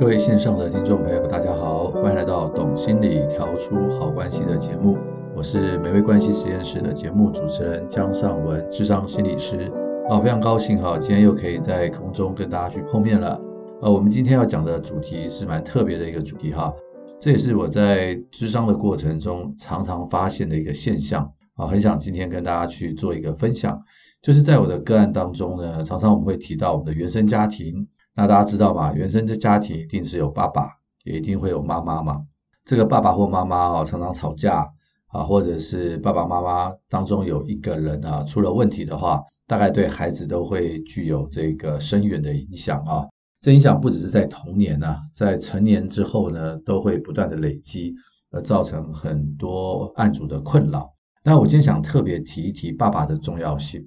各位線上的聽眾朋友，大家好，歡迎來到《懂心理調出好關係》的節目，我是美味關係實驗室的節目主持人姜尚文，諮商心理師。啊，非常高興哈，今天又可以在空中跟大家去碰面了。呃，我們今天要講的主題是蠻特別的一個主題哈，這也是我在諮商的過程中常常發現的一個現象啊，很想今天跟大家去做一個分享，就是在我的個案當中呢，常常我們會提到我們的原生家庭。那大家知道嗎？原生的家庭一定是有爸爸，也一定會有媽媽嘛。這個爸爸或媽媽哦，常常吵架啊，或者是爸爸媽媽當中有一個人啊出了問題的話，大概對孩子都會具有這個深遠的影響啊。這影響不只是在童年吶，在成年之後呢，都會不斷的累積，而造成很多案主的困擾。那我今天想特別提一提爸爸的重要性，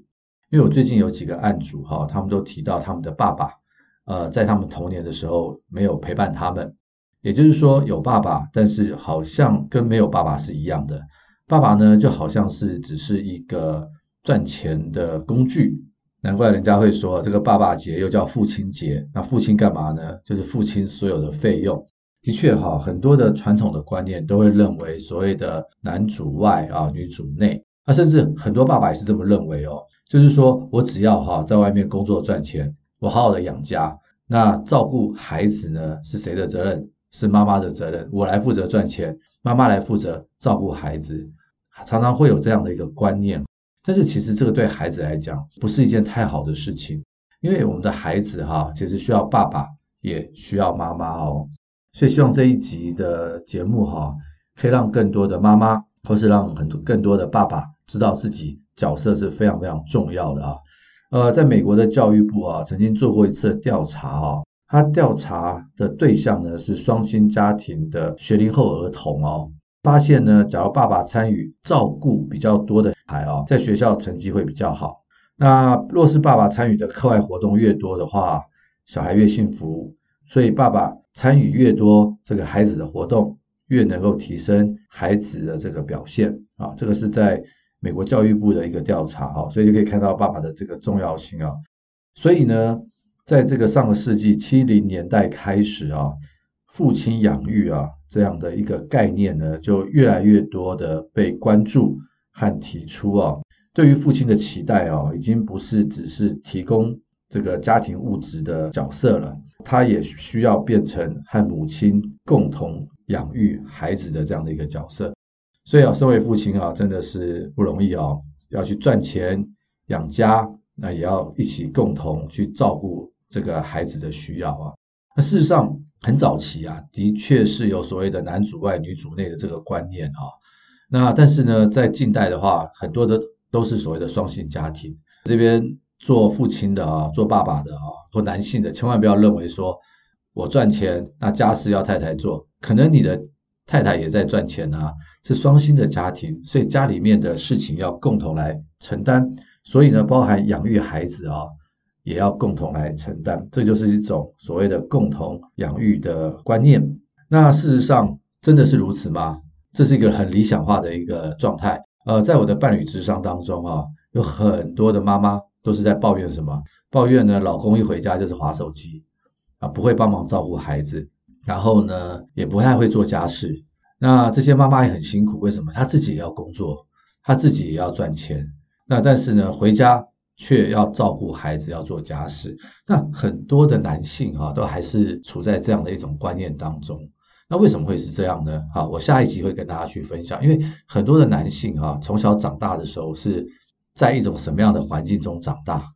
因為我最近有幾個案主哈，他們都提到他們的爸爸。呃，在他們童年的時候沒有陪伴他們，也就是說有爸爸，但是好像跟沒有爸爸是一樣的。爸爸呢，就好像是只是一個賺錢的工具。難怪人家會說這個爸爸節又叫父親節。那父親幹嘛呢？就是付清所有的費用。的確哈，很多的傳統的觀念都會認為所謂的男主外啊，女主內，那甚至很多爸爸也是這麼認為哦。就是說我只要哈在外面工作賺錢。我好好的養家，那照顧孩子呢？是誰的責任？是媽媽的責任。我來負責賺錢，媽媽來負責照顧孩子，常常會有這樣的一個觀念。但是其實這個對孩子來講不是一件太好的事情，因為我們的孩子哈，其實需要爸爸，也需要媽媽哦。所以希望這一集的節目哈，可以讓更多的媽媽，或是讓很多更多的爸爸，知道自己角色是非常非常重要的啊。呃，在美國的教育部啊，曾經做過一次調查啊、哦，他調查的對象呢是雙親家庭的學齡後兒童哦，發現呢，假如爸爸參與照顧比較多的孩哦，在學校成績會比較好。那若是爸爸參與的課外活動越多的話，小孩越幸福，所以爸爸參與越多，這個孩子的活動越能夠提升孩子的這個表現啊，這個是在。美國教育部的一個調查啊、哦，所以就可以看到爸爸的這個重要性啊、哦。所以呢，在這個上個世紀70年代開始啊、哦，父親養育啊這樣的一個概念呢，就越來越多的被關注和提出哦，對於父親的期待啊、哦，已經不是只是提供這個家庭物質的角色了，他也需要變成和母親共同養育孩子的這樣的一個角色。所以啊，身為父親啊，真的是不容易啊、哦，要去賺錢養家，那也要一起共同去照顧這個孩子的需要啊。那事實上，很早期啊，的確是有所謂的男主外、女主內的這個觀念啊。那但是呢，在近代的話，很多的都是所謂的雙性家庭。這邊做父親的啊，做爸爸的啊，或男性的，千萬不要認為說我賺錢，那家事要太太做，可能你的。太太也在賺錢吶、啊，是雙薪的家庭，所以家裡面的事情要共同來承擔。所以呢，包含養育孩子啊，也要共同來承擔。這就是一種所謂的共同養育的觀念。那事實上真的是如此嗎？這是一個很理想化的一個狀態。呃，在我的伴侶諮商當中啊，有很多的媽媽都是在抱怨什麼？抱怨呢，老公一回家就是滑手機，啊，不會幫忙照顧孩子。然後呢，也不太會做家事。那這些媽媽也很辛苦，為什麼？她自己也要工作，她自己也要賺錢。那但是呢，回家卻要照顧孩子，要做家事。那很多的男性啊，都還是處在這樣的一種觀念當中。那為什麼會是這樣呢？好，我下一集會跟大家去分享。因為很多的男性啊，從小長大的時候是在一種什麼樣的環境中長大？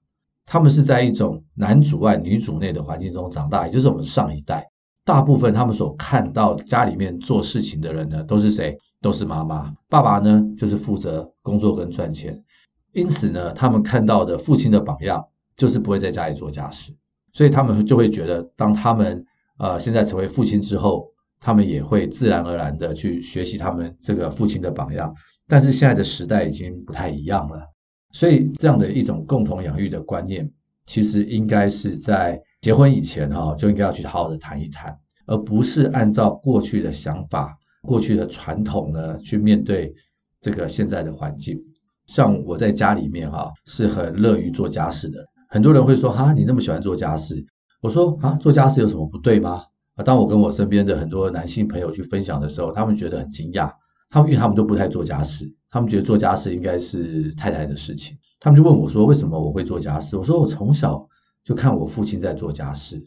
他們是在一種男主外女主內的環境中長大，也就是我們上一代。大部分他們所看到家裡面做事情的人呢，都是誰？都是媽媽。爸爸呢，就是負責工作跟賺錢。因此呢，他們看到的父親的榜樣就是不會在家裡做家事，所以他們就會覺得，當他們呃現在成為父親之後，他們也會自然而然的去學習他們這個父親的榜樣。但是現在的時代已經不太一樣了，所以這樣的一種共同養育的觀念，其實應該是在。結婚以前哈、哦、就應該要去好好的談一談，而不是按照過去的想法、過去的傳統呢去面對這個現在的環境。像我在家裡面哈、哦、是很樂於做家事的，很多人會說哈、啊、你那麼喜歡做家事，我說，啊，做家事有什麼不對嗎？啊，當我跟我身邊的很多男性朋友去分享的時候，他們覺得很驚訝，他們因為他們都不太做家事，他們覺得做家事應該是太太的事情，他們就問我說，為什麼我會做家事？我說，我從小。就看我父親在做家事，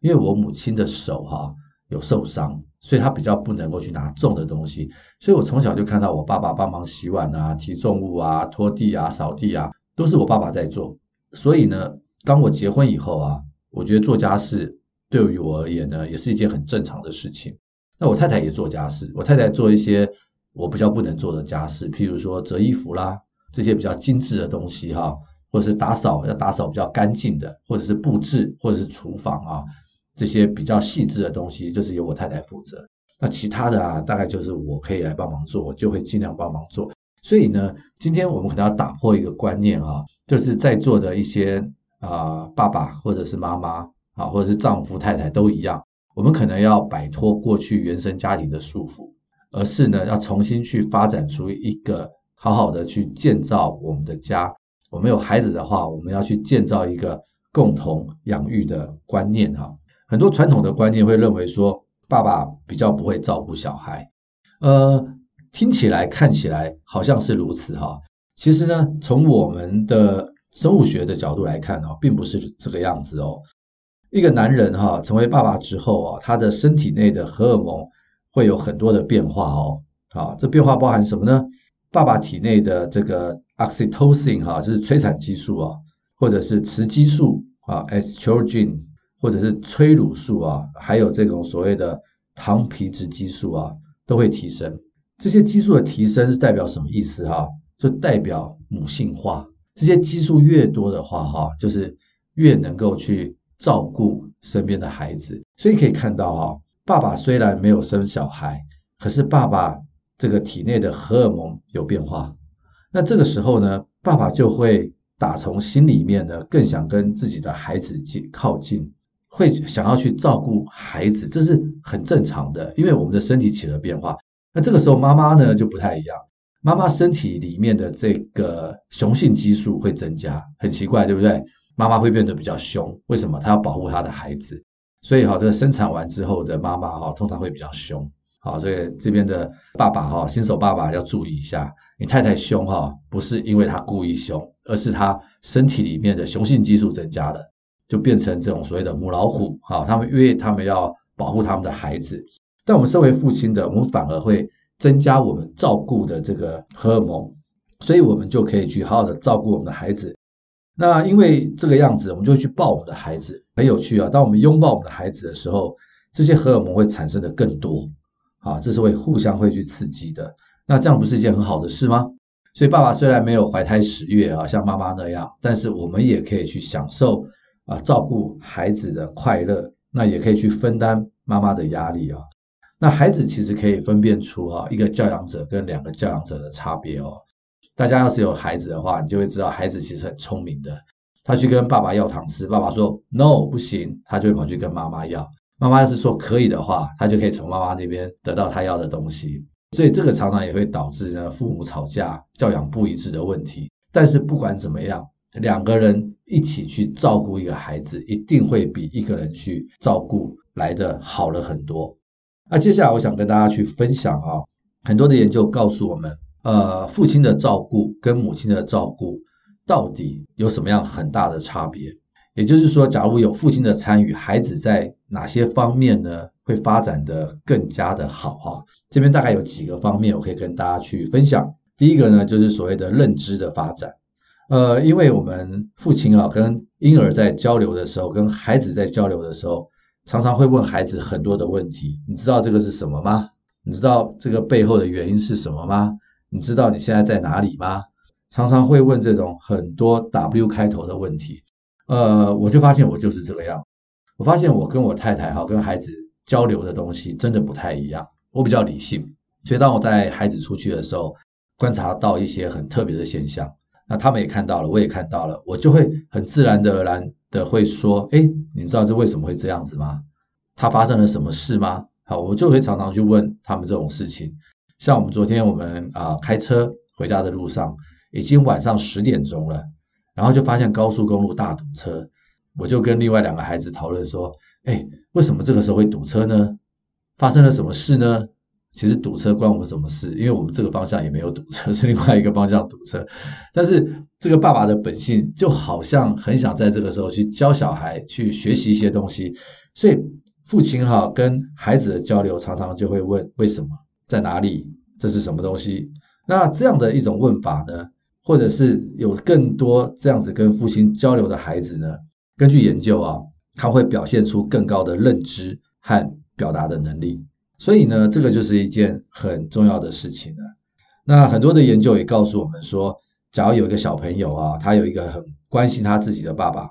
因為我母親的手哈、啊、有受傷，所以她比較不能夠去拿重的東西，所以我從小就看到我爸爸幫忙洗碗啊、提重物啊、拖地啊、掃地啊，都是我爸爸在做。所以呢，當我結婚以後啊，我覺得做家事對於我而言呢，也是一件很正常的事情。那我太太也做家事，我太太做一些我比較不能做的家事，譬如說折衣服啦這些比較精緻的東西哈、啊。或者是打掃，要打掃比較乾淨的，或者是布置，或者是廚房啊，這些比較細緻的東西，就是由我太太負責。那其他的啊，大概就是我可以來幫忙做，我就會儘量幫忙做。所以呢，今天我們可能要打破一個觀念啊，就是在座的一些啊、呃、爸爸或者是媽媽啊，或者是丈夫、太太都一樣，我們可能要擺脫過去原生家庭的束縛，而是呢，要重新去發展出一個好好的去建造我們的家。我們有孩子的話，我們要去建造一個共同養育的觀念哈。很多傳統的觀念會認為說，爸爸比較不會照顧小孩，呃，聽起來看起來好像是如此哈。其實呢，從我們的生物學的角度來看哦，並不是這個樣子哦。一個男人哈成為爸爸之後哦，他的身體內的荷爾蒙會有很多的變化哦。好，這變化包含什麼呢？爸爸體內的這個。oxytocin 哈就是催產激素啊，或者是雌激素啊，estrogen 或者是催乳素啊，還有這種所謂的糖皮質激素啊，都會提升。這些激素的提升是代表什麼意思哈？就代表母性化。這些激素越多的話哈，就是越能夠去照顧身邊的孩子。所以可以看到哈，爸爸雖然沒有生小孩，可是爸爸這個體內的荷爾蒙有變化。那這個時候呢，爸爸就會打從心裡面呢更想跟自己的孩子靠近，會想要去照顧孩子，這是很正常的。因為我們的身體起了變化。那這個時候媽媽呢就不太一樣，媽媽身體裡面的這個雄性激素會增加，很奇怪，對不對？媽媽會變得比較凶，為什麼？她要保護她的孩子。所以哈，這個生產完之後的媽媽哈，通常會比較凶。好，所以這邊的爸爸哈，新手爸爸要注意一下，你太太凶哈，不是因為她故意凶，而是她身體裡面的雄性激素增加了，就變成這種所謂的母老虎哈。他們因為他們要保護他們的孩子，但我們身為父親的，我們反而會增加我們照顧的這個荷爾蒙，所以我們就可以去好好的照顧我們的孩子。那因為這個樣子，我們就去抱我們的孩子，很有趣啊。當我們擁抱我們的孩子的時候，這些荷爾蒙會產生的更多。啊，這是會互相會去刺激的，那這樣不是一件很好的事嗎？所以爸爸雖然沒有懷胎十月啊，像媽媽那樣，但是我們也可以去享受啊照顧孩子的快樂，那也可以去分擔媽媽的壓力啊。那孩子其實可以分辨出啊，一個教養者跟兩個教養者的差別哦。大家要是有孩子的話，你就會知道孩子其實很聰明的，他去跟爸爸要糖吃，爸爸說，no，不行，他就會跑去跟媽媽要。媽媽要是說可以的話，他就可以從媽媽那邊得到他要的東西。所以這個常常也會導致呢父母吵架、教養不一致的問題。但是不管怎麼樣，兩個人一起去照顧一個孩子，一定會比一個人去照顧來得好了很多。那接下來我想跟大家去分享啊、哦，很多的研究告訴我們，呃，父親的照顧跟母親的照顧到底有什麼樣很大的差別？也就是說，假如有父親的參與，孩子在哪些方面呢會發展得更加的好哈？這邊大概有幾個方面，我可以跟大家去分享。第一個呢，就是所謂的認知的發展。呃，因為我們父親啊，跟嬰兒在交流的時候，跟孩子在交流的時候，常常會問孩子很多的問題。你知道這個是什麼嗎？你知道這個背後的原因是什麼嗎？你知道你現在在哪裡嗎？常常會問這種很多 W 開頭的問題。呃，我就發現我就是這個樣。我發現我跟我太太哈跟孩子交流的東西真的不太一樣。我比較理性，所以當我帶孩子出去的時候，觀察到一些很特別的現象，那他們也看到了，我也看到了，我就會很自然的而然的會說：“哎，你知道這為什麼會這樣子嗎？他發生了什麼事嗎？”好，我就會常常去問他們這種事情。像我們昨天我們啊、呃、開車回家的路上，已經晚上十點鐘了。然後就發現高速公路大堵車，我就跟另外兩個孩子討論說：“哎，為什麼這個時候會堵車呢？發生了什麼事呢？”其實堵車關我們什麼事？因為我們這個方向也沒有堵車，是另外一個方向堵車。但是這個爸爸的本性就好像很想在這個時候去教小孩去學習一些東西，所以父親哈跟孩子的交流常常就會問：為什麼？在哪裡？這是什麼東西？那這樣的一種問法呢？或者是有更多這樣子跟父親交流的孩子呢，根據研究啊，他會表現出更高的認知和表達的能力。所以呢，這個就是一件很重要的事情了。那很多的研究也告訴我們說，假如有一個小朋友啊，他有一個很關心他自己的爸爸，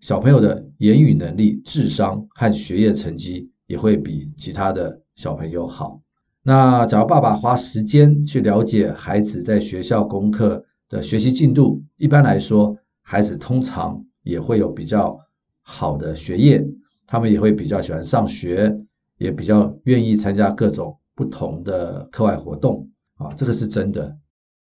小朋友的言語能力、智商和學業成績也會比其他的小朋友好。那假如爸爸花時間去了解孩子在學校功課，的學習進度，一般來說，孩子通常也會有比較好的學業，他們也會比較喜歡上學，也比較願意參加各種不同的課外活動啊，這個是真的。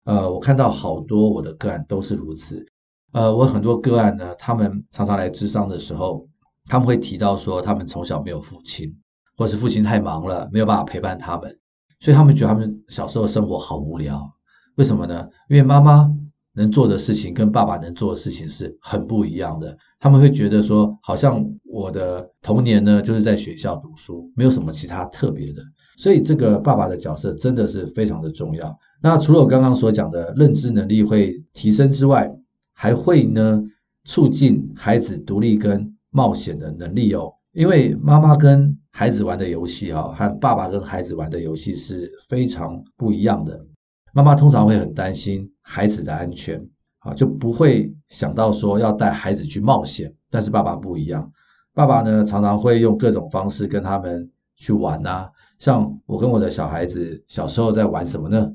呃，我看到好多我的個案都是如此。呃，我很多個案呢，他們常常來諮商的時候，他們會提到說，他們從小沒有父親，或是父親太忙了，沒有辦法陪伴他們，所以他們覺得他們小時候生活好無聊。為什麼呢？因為媽媽能做的事情跟爸爸能做的事情是很不一樣的。他們會覺得說，好像我的童年呢就是在學校讀書，沒有什麼其他特別的。所以，這個爸爸的角色真的是非常的重要。那除了我剛剛所講的認知能力會提升之外，還會呢促進孩子獨立跟冒險的能力哦。因為媽媽跟孩子玩的遊戲哈，和爸爸跟孩子玩的遊戲是非常不一樣的。媽媽通常會很擔心孩子的安全，啊，就不會想到說要帶孩子去冒險。但是爸爸不一樣，爸爸呢常常會用各種方式跟他們去玩啊。像我跟我的小孩子小時候在玩什麼呢？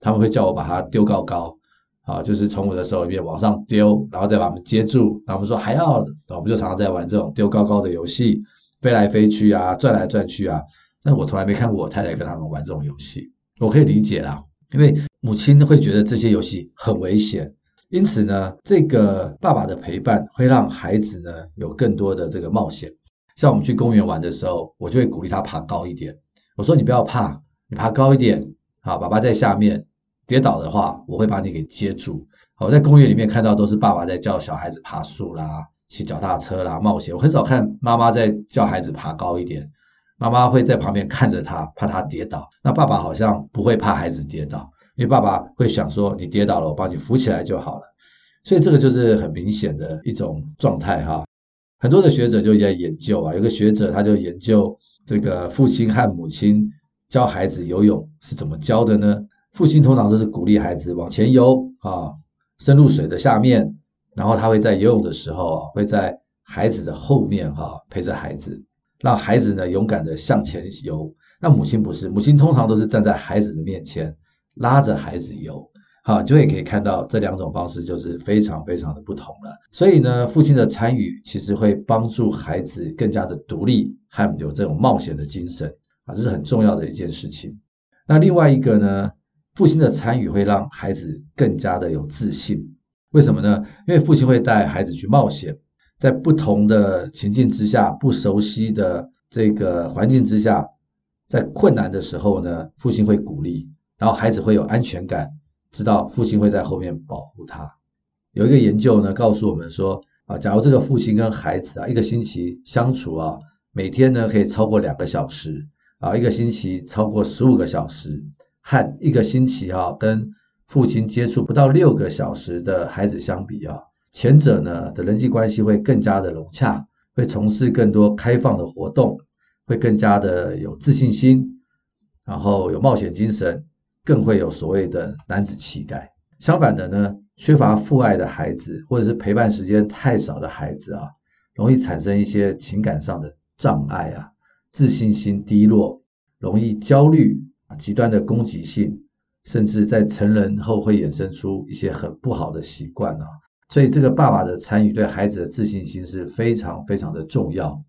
他們會叫我把他丟高高，啊，就是從我的手裡面往上丟，然後再把他們接住。然後我們說還要，我們就常常在玩這種丟高高的遊戲，飛來飛去啊，轉來轉去啊。但我從來沒看過我太太跟他們玩這種遊戲。我可以理解啦。因為母親會覺得這些遊戲很危險，因此呢，這個爸爸的陪伴會讓孩子呢有更多的這個冒險。像我們去公園玩的時候，我就會鼓勵他爬高一點。我說：“你不要怕，你爬高一點啊，爸爸在下面。跌倒的話，我會把你給接住。”我在公園裡面看到都是爸爸在教小孩子爬樹啦、騎腳踏車啦、冒險。我很少看媽媽在教孩子爬高一點。媽媽會在旁邊看着他，怕他跌倒。那爸爸好像不會怕孩子跌倒，因為爸爸會想說：“你跌倒了，我幫你扶起來就好了。”所以這個就是很明顯的一種狀態哈。很多的學者就在研究啊，有個學者他就研究這個父親和母親教孩子游泳是怎麼教的呢？父親通常都是鼓勵孩子往前游啊，深入水的下面，然後他會在游泳的時候啊，會在孩子的後面哈陪着孩子。讓孩子呢勇敢地向前游，那母親不是，母親通常都是站在孩子的面前拉着孩子游，好、啊，就會可以看到這兩種方式就是非常非常的不同了。所以呢，父親的參與其實會幫助孩子更加的獨立還有這種冒險的精神啊，這是很重要的一件事情。那另外一個呢，父親的參與會讓孩子更加的有自信，為什麼呢？因為父親會帶孩子去冒險。在不同的情境之下，不熟悉的這個環境之下，在困難的時候呢，父親會鼓勵，然後孩子會有安全感，知道父親會在後面保護他。有一個研究呢告訴我們說啊，假如這個父親跟孩子啊一個星期相處啊，每天呢可以超過兩個小時啊，一個星期超過十五個小時，和一個星期啊，跟父親接觸不到六個小時的孩子相比啊。前者呢的人際關係會更加的融洽，會從事更多開放的活動，會更加的有自信心，然後有冒險精神，更會有所謂的男子氣概。相反的呢，缺乏父愛的孩子，或者是陪伴時間太少的孩子啊，容易產生一些情感上的障礙啊，自信心低落，容易焦慮啊，極端的攻擊性，甚至在成人後會衍生出一些很不好的習慣啊。所以這個爸爸的參與對孩子的自信心是非常非常的重要。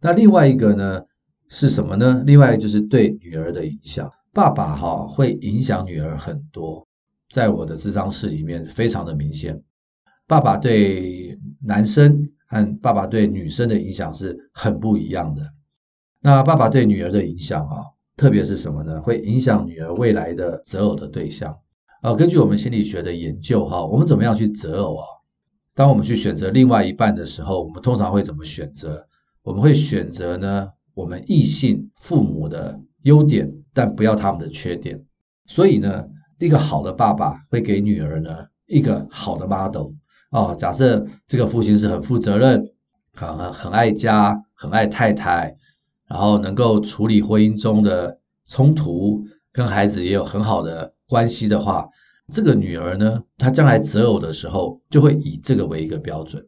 那另外一個呢是什麼呢？另外就是對女兒的影響，爸爸哈會影響女兒很多，在我的諮商室裡面非常的明顯。爸爸對男生和爸爸對女生的影響是很不一樣的。那爸爸對女兒的影響啊，特別是什麼呢？會影響女兒未來的擇偶的對象啊。呃，根據我們心理學的研究哈，我們怎麼樣去擇偶啊？當我們去選擇另外一半的時候，我們通常會怎麼選擇？我們會選擇呢，我們異性父母的優點，但不要他們的缺點。所以呢，一個好的爸爸會給女兒呢，一個好的 model。哦，假設這個父親是很負責任，很很愛家，很愛太太，然後能夠處理婚姻中的衝突，跟孩子也有很好的關係的話。這個女兒呢，她將來擇偶的時候就會以這個為一個標準，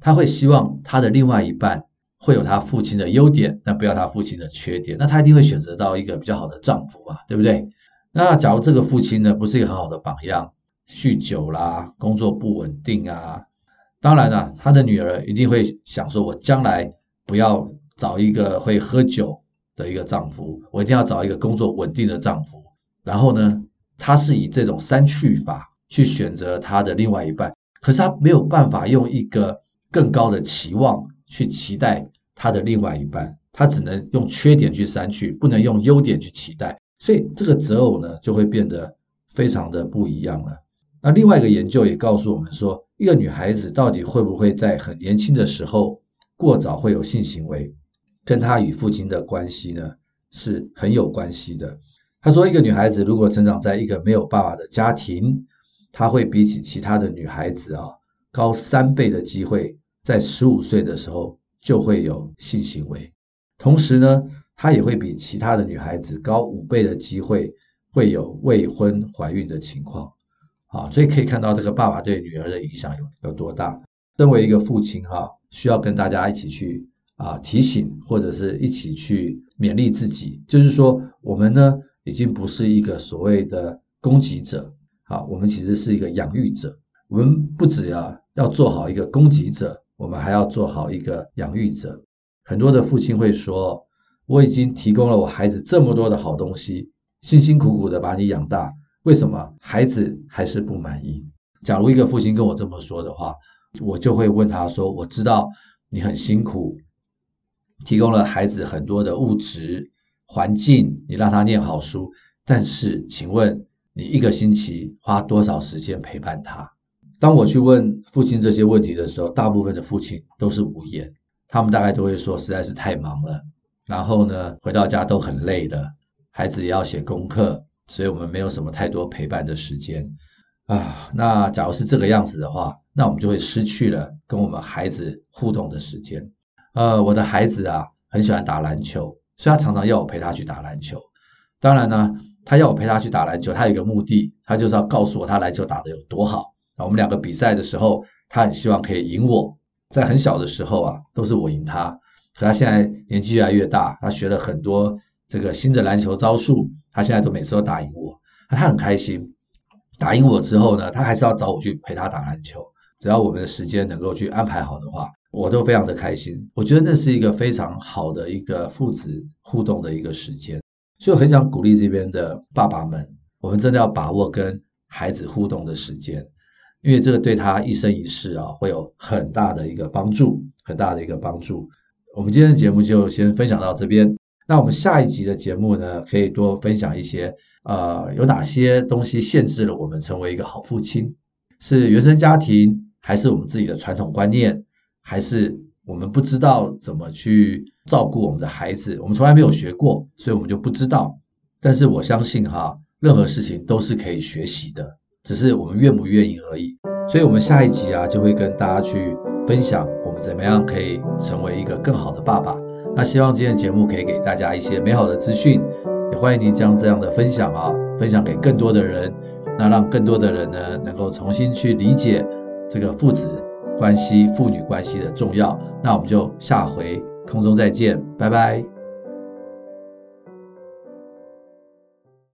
她會希望她的另外一半會有她父親的優點，但不要她父親的缺點。那她一定會選擇到一個比較好的丈夫嘛，對不對？那假如這個父親呢，不是一個很好的榜樣，酗酒啦，工作不穩定啊，當然了，啊，她的女兒一定會想說：我將來不要找一個會喝酒的一個丈夫，我一定要找一個工作穩定的丈夫。然後呢，他是以這種刪去法去選擇他的另外一半，可是他沒有辦法用一個更高的期望去期待他的另外一半，他只能用缺點去刪去，不能用優點去期待，所以這個擇偶呢就會變得非常的不一樣了。那另外一個研究也告訴我們說，一個女孩子到底會不會在很年輕的時候過早會有性行為，跟她與父親的關係呢是很有關係的。他說：“一個女孩子如果成長在一個沒有爸爸的家庭，她會比起其他的女孩子啊高三倍的機會，在十五歲的時候就會有性行為。同時呢，她也會比其他的女孩子高五倍的機會會有未婚懷孕的情況。啊，所以可以看到這個爸爸對女兒的影響有有多大。身為一個父親哈，需要跟大家一起去啊提醒，或者是一起去勉勵自己，就是說我們呢。”已經不是一個所謂的供給者啊，我們其實是一個養育者。我們不只啊，要做好一個供給者，我們還要做好一個養育者。很多的父親會說：“我已經提供了我孩子這麼多的好東西，辛辛苦苦的把你養大，為什麼孩子還是不滿意？”假如一個父親跟我這麼說的話，我就會問他說：“我知道你很辛苦，提供了孩子很多的物質。”環境，你讓他念好書，但是，請問你一個星期花多少時間陪伴他？當我去問父親這些問題的時候，大部分的父親都是無言，他們大概都會說實在是太忙了，然後呢，回到家都很累的，孩子也要寫功課，所以我們沒有什麼太多陪伴的時間啊。那假如是這個樣子的話，那我們就會失去了跟我們孩子互動的時間。呃，我的孩子啊，很喜歡打籃球。所以，他常常要我陪他去打籃球。當然呢，他要我陪他去打籃球，他有一個目的，他就是要告訴我他籃球打得有多好。我們兩個比賽的時候，他很希望可以贏我。在很小的時候啊，都是我贏他。可他現在年紀越來越大，他學了很多這個新的籃球招數，他現在都每次都打贏我。他很開心，打贏我之後呢，他還是要找我去陪他打籃球。只要我們的時間能夠去安排好的話，我都非常的開心，我覺得那是一個非常好的一個父子互動的一個時間，所以我很想鼓勵這邊的爸爸們，我們真的要把握跟孩子互動的時間，因為這個對他一生一世啊會有很大的一個幫助，很大的一個幫助。我們今天的節目就先分享到這邊，那我們下一集的節目呢，可以多分享一些，呃，有哪些東西限制了我們成為一個好父親？是原生家庭，還是我們自己的傳統觀念？還是我們不知道怎麼去照顧我們的孩子，我們從來沒有學過，所以我們就不知道。但是我相信哈、啊，任何事情都是可以學習的，只是我們願不願意而已。所以，我們下一集啊，就會跟大家去分享我們怎麼樣可以成為一個更好的爸爸。那希望今天的節目可以給大家一些美好的資訊，也歡迎您將這樣的分享啊，分享給更多的人，那讓更多的人呢，能夠重新去理解這個父子關係、父女關係的重要，那我們就下回空中再見，拜拜。